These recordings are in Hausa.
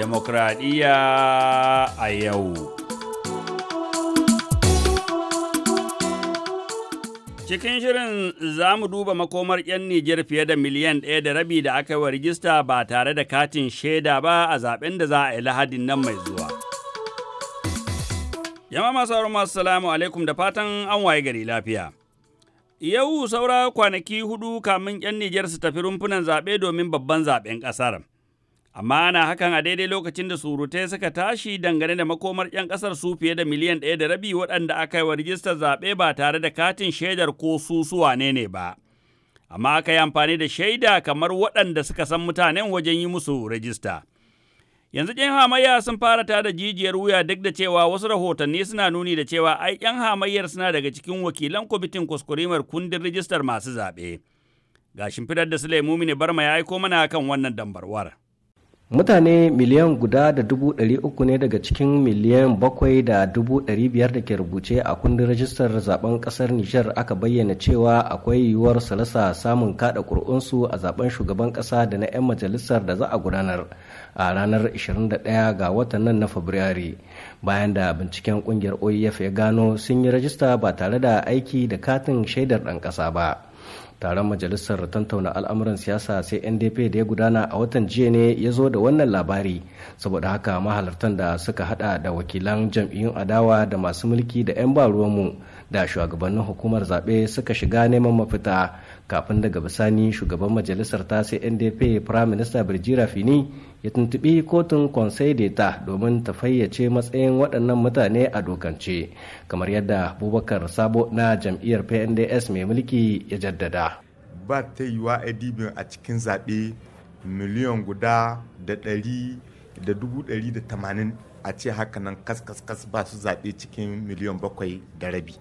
demokradiyya a yau. Cikin shirin za mu duba makomar 'yan Nijar fiye da miliyan ɗaya da rabi da aka yi wa rijista ba tare da katin shaida ba a zaɓen da za a yi lahadin nan mai zuwa. Yama masu auren masu salamu alaikum da fatan an waye gari lafiya. Yau saura kwanaki hudu kamin 'yan Nijar su tafi rumfunan zaɓe domin babban zaɓen ƙasar. amma ana hakan a daidai lokacin da surutai suka tashi dangane da makomar 'yan kasar su fiye da miliyan ɗaya da rabi waɗanda aka yi wa rijistar zaɓe ba tare da katin shaidar ko susuwa ne ne ba amma aka yi amfani da shaida kamar waɗanda suka san mutanen wajen yi musu rijista. yanzu 'yan hamayya sun fara ta da jijiyar wuya duk da cewa wasu rahotanni suna nuni da cewa ai 'yan hamayyar suna daga cikin wakilan kwamitin kuskuremar kundin rijistar masu zaɓe ga shimfidar da Sulaimu Mini Barma ya aiko mana kan wannan dambarwar. mutane miliyan guda da dubu ɗari uku ne daga cikin miliyan bakwai da dubu ɗari biyar da ke rubuce a kundin rajistar zaben ƙasar nijar aka bayyana cewa akwai yiwuwar salasa samun kada ƙuri'unsu a zaben shugaban ƙasa da na 'yan majalisar da za a gudanar a ranar 21 ga watan nan na fabrairu bayan da binciken ƙungiyar oef ya gano sun yi rajista ba tare da aiki da katin shaidar ɗan ƙasa ba taron majalisar tantauna al'amuran siyasa sai ndp da ya gudana a watan jiya ne ya zo da wannan labari saboda haka mahalartan da suka hada da wakilan jam'iyyun adawa da masu mulki da 'yan ba ruwanmu da shugabannin hukumar zaɓe suka shiga neman mafita kafin daga bisani shugaban majalisar ta sai ndp prime minister birjira fini ya tuntubi kotun conseil d'etat domin ta fayyace matsayin waɗannan mutane a dokance kamar yadda abubakar sabo na jam'iyyar pnds mai mulki ya jaddada ba ta yi wa a cikin zaɓe miliyan guda da ɗari da dubu ɗari da tamanin a ce hakanan kaskaskas ba su zaɓe cikin miliyan bakwai da rabi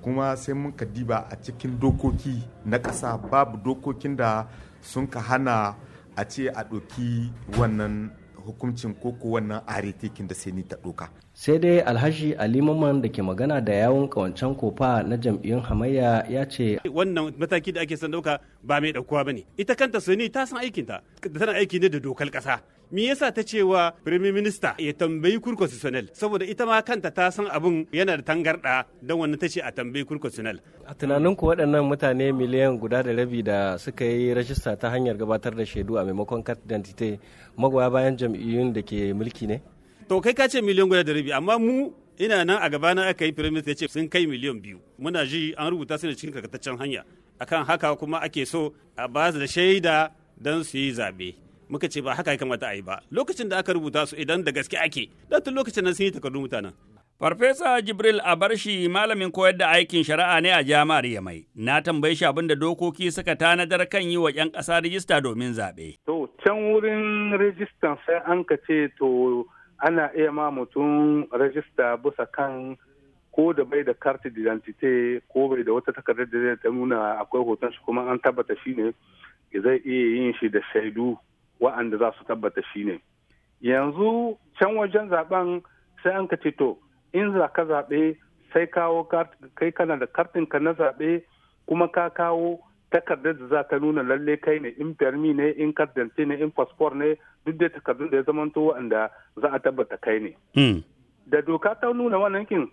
kuma sai mun ka diba a cikin dokoki na ƙasa babu dokokin da sun ka hana a ce a ɗauki wannan hukuncin koko wannan aretikin da sai ni ta ɗoka. sai dai alhaji alimaman da ke magana da yawon kawancen kofa na jam'iyyun hamayya ya ce wannan mataki da ake son ɗauka ba mai ɗaukuwa ba ne ita kanta sani ta san aikinta tana aiki ne da dokar ƙasa me yasa ta wa prime minister ya tambayi cour constitutionnel saboda ita ma kanta ta san abin yana da tangarɗa don wannan ta ce a tambayi cour constitutionnel a tunanin ku waɗannan mutane miliyan guda da rabi da suka yi rajista ta hanyar gabatar da shaidu a maimakon carte d'identité magoya bayan jam'iyyun da ke mulki ne to kai ka ce miliyan guda da rabi amma mu ina nan a gabana aka yi firaminista ya ce sun kai miliyan biyu muna ji an rubuta su ne cikin karkataccen hanya akan haka kuma ake so a ba da shaida don su yi zaɓe muka ce ba haka ya kamata a yi ba lokacin da aka rubuta su idan da gaske ake da tun lokacin nan sun yi takardun mutanen. Farfesa Jibril shi malamin koyar da aikin shari'a ne a jami'ar mai Na tambayi shi abin da dokoki suka tanadar kan yi wa 'yan ƙasa rijista domin zaɓe. To, can wurin rijistan sai an ka ce to ana iya ma mutum rajista bisa kan ko da bai da karti didantite ko bai da wata takardar da zai nuna akwai hoton shi kuma an tabbata shi ne zai iya yin shi da shaidu wa'anda za su tabbata shi ne yanzu can wajen zaben sai an ka ce to in za ka zaɓe sai kawo kai kana da kartinka na zaɓe kuma ka kawo takardar da za ka nuna lalle kai ne in permi ne in kardanci ne in fasfor ne duk da takardun da ya zama to wa'anda za a tabbata kai ne. Hmm. Da doka ta nuna wannan kin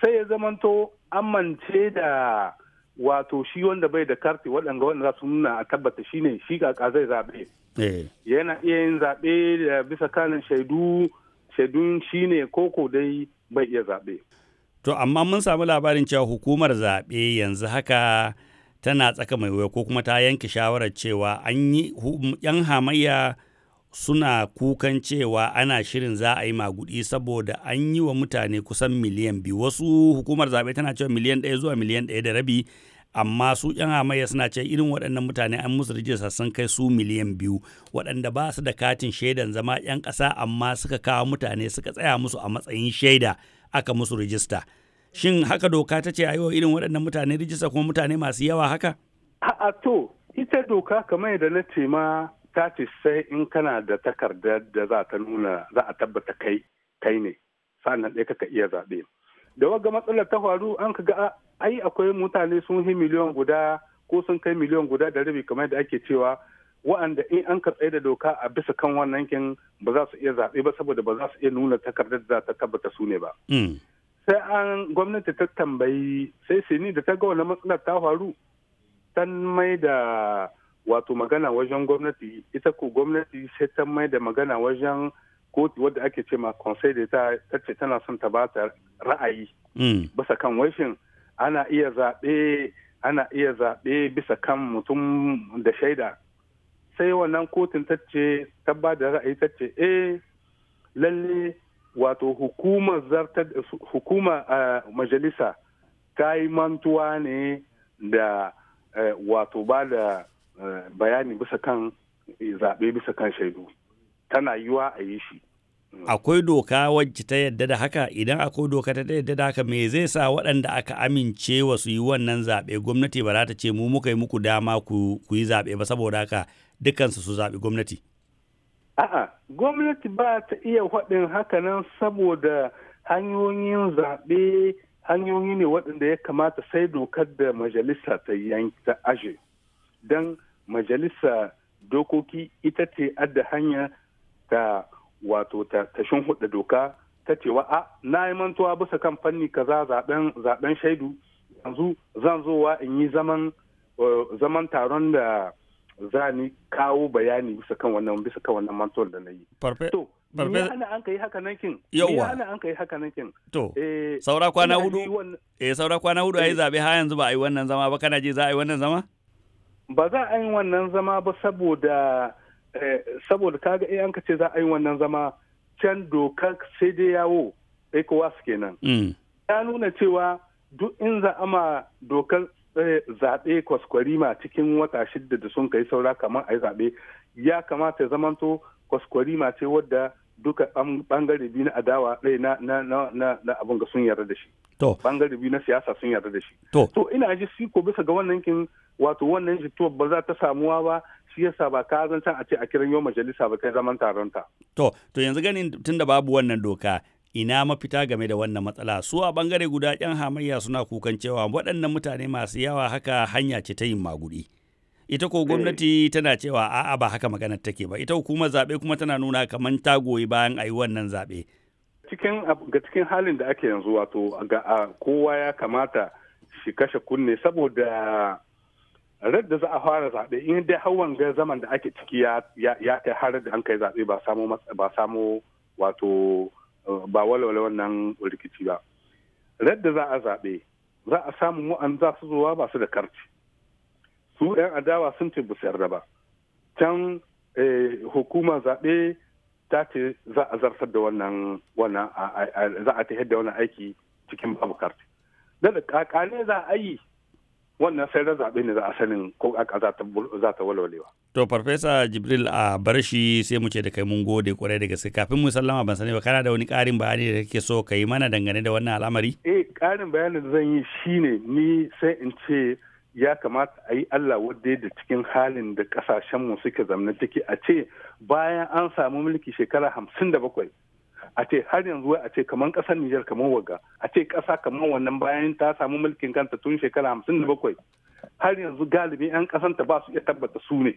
sai ya zamanto amince da wato shi wanda bai da karti waɗanda wanda za su nuna a tabbata shi ne shi kaka zai zaɓe. Eh. yana iya yin zaɓe da eh, bisa kanin shaidu shaidun shine koko dai bai iya zaɓe to amma mun sami labarin cewa hukumar zaɓe yanzu haka tana tsaka mai wuya ko kuma ta yanke shawarar cewa an yi yan hamayya suna kukan cewa ana shirin za a yi magudi saboda an yi wa mutane kusan miliyan biyu wasu hukumar zaɓe tana cewa miliyan ɗaya zuwa miliyan ɗaya da rabi amma su yan hamayya suna ce irin waɗannan mutane an musu rijista sun kai su miliyan biyu waɗanda ba su da katin shaidan zama yan ƙasa amma suka kawo mutane suka tsaya musu a matsayin shaida aka musu rijista shin haka doka ta ce a yi irin waɗannan mutane rijista kuma mutane masu yawa haka a'a to ita doka kamar yadda na ce ma ta ce sai in kana da takardar da za ta nuna za a tabbata kai kai ne sannan ɗaya ka iya zaɓe da waga matsalar ta faru an ka ga ai akwai mutane sun yi miliyan guda ko sun kai miliyan guda da rabi kamar da ake cewa wa'anda in an ka da doka a bisa kan wannan kin ba za su iya zaɓe ba saboda ba za su iya nuna takardar da ta tabbata su ne ba. Mm. Sai an gwamnati ta tambayi sai sini da ta ga wani matsalar ta faru ta mai da wato magana wajen gwamnati ita ko gwamnati sai ta mai da magana wajen kotu wadda ake ce ma conseil ta ce tana son ta ba ta ra'ayi. Mm. Basa kan washin ana iya zaɓe ana iya zaɓe bisa kan mutum da shaida sai wannan kotun ta ce ta da ra'ayi ta ce eh lalle wato hukumar zartar hukumar majalisa ta yi mantuwa ne da wato ba da bayani bisa kan zaɓe bisa kan shaidu tana yiwa a yi shi akwai doka wacce ta yadda da haka idan akwai doka ta yadda da haka me zai sa waɗanda aka amince wa su yi wannan zaɓe gwamnati ba za ta ce mu muka yi muku dama ku yi zaɓe ba saboda haka dukansu su zaɓi gwamnati a'a gwamnati ba ta iya faɗin haka nan saboda hanyoyin zaɓe hanyoyi ne waɗanda ya kamata sai dokar da majalisa ta yanki ta aje don majalisa dokoki ita ce adda hanya ta wato ta shimfiɗa doka ta cewa a na yi mantuwa bisa kan fanni kaza zaben shaidu yanzu zan zowa in yi zaman zaman taron da za ni kawo bayani bisa kan wannan bisa kan wannan mantuwar da na yi. To, me hana an kai haka nan kin? Yawwa. Ni hana an kai haka nan kin? To, eh, saura kwana hudu. Eh, saura kwana hudu ai eh. zabe ha yanzu ba a yi wannan zama ba kana je za a yi wannan zama? Ba za a yi wannan zama ba saboda Eh, saboda kaga ga an ka ce za a yi wannan zama can dokar sai dai yawo ECOWAS kenan. Mm. Ya nuna cewa duk in za ma dokar eh, zaɓe kwaskwarima cikin wata shidda da sun kai saura kamar a yi zaɓe ya kamata zamanto kwaskwarima ce wadda duka bangare biyu na adawa ɗaya eh, na na abin ga sun yarda da shi. To. Bangare biyu na siyasa sun yarda da shi. To. ina ji siko bisa ga wannan kin wato wannan jituwar ba za ta samuwa ba shi yasa ba ka zanta a ce a kiran yau majalisa ba kai zaman taron ta. To, to yanzu ganin tunda babu wannan doka ina mafita game da wannan matsala su a bangare guda yan hamayya suna kukan cewa waɗannan mutane masu yawa haka hanya ce ta yin maguɗi Ita ko gwamnati eh. tana cewa a'a ba haka maganar take ba ita kuma zaɓe kuma tana nuna kamar ta goyi bayan a yi wannan zaɓe. Cikin ga cikin halin da ake yanzu wato ga kowa ya kamata shi kashe kunne saboda rad da za a fara zaɓe in dai hawan ga zaman da ake ciki ya kai har da an kai zaɓe ba samo ba samo wato eh, ba walwala wannan rikici ba rad da za a zaɓe za a samu wa'an za su zuwa ba su da karci su 'yan adawa sun ce bu da ba can eh, hukumar zaɓe ta ce za a zartar da wannan wannan za a ta da wannan aiki cikin babu karti da ƙaƙane za a yi wannan sai da zaɓe ne za a sanin ko aka za ta walwalewa. To Farfesa Jibril a bar shi sai mu ce da kai mun gode kwarai da gaske kafin mu sallama ban sani ba kana da wani ƙarin bayani da kake so ka yi mana dangane da wannan al'amari? Eh ƙarin bayani da zan yi shine ni sai in ce ya kamata a yi Allah wadda da cikin halin da ƙasashenmu suke zamna ciki a ce bayan an samu mulki shekara hamsin da bakwai a ce har yanzu a ce kamar kasar Nijar kamar waga a ce kasa kamar wannan bayan ta samu mulkin kanta tun shekara hamsin da bakwai har yanzu galibi 'yan kasanta ba su iya tabbata su ne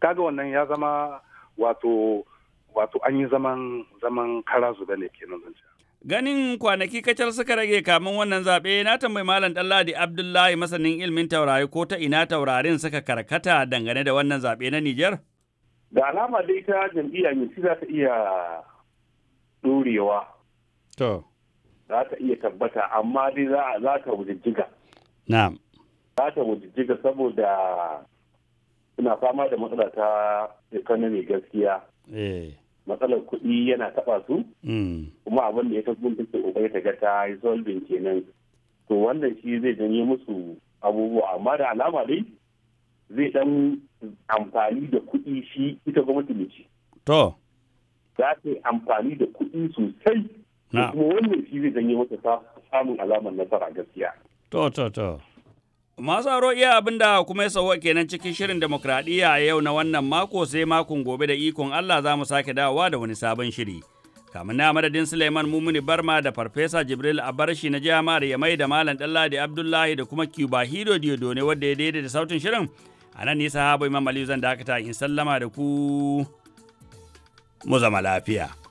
kaga wannan ya zama wato wato an yi zaman zaman kara zuba ne kenan zance Ganin kwanaki kacal suka rage kamin wannan zaɓe na tambayi Malam dalladi Abdullahi masanin ilmin taurari ko ta ina taurarin suka karkata dangane da wannan zaɓe na Nijar? Da alama dai ta jam'iyya ne za ta iya ɗorewa to za ta iya tabbata amma dai za ta wujijjiga na'am za ta wujijjiga saboda suna fama da matsala ta mai gaskiya eh. matsalar kuɗi yana taɓa su mm. kuma abin da ya tafi ke ƙoƙari ta ga ta yi solving kenan to wannan shi zai janye musu abubuwa amma da alama dai zai ɗan amfani da kuɗi shi ita gwamnati ne ce. za ta yi amfani da kuɗi sosai kuma wannan shi zai janye masa samun alamar nasara gaskiya. To, to, to. Masu aro iya abin da kuma ya sauwa kenan cikin shirin demokradiyya yau na wannan mako sai makon gobe da ikon Allah za mu sake dawowa da wani sabon shiri. Kamin na madadin Suleiman Mumuni Barma da Farfesa Jibril Abarshi na jami'ar Yamai da Malam Ɗanladi Abdullahi da kuma Cuba Hido Diodone wadda ya daidaita sautin shirin. A nan nisa habu Imam Aliyu zan dakata in sallama da ku. mu zama lafiya.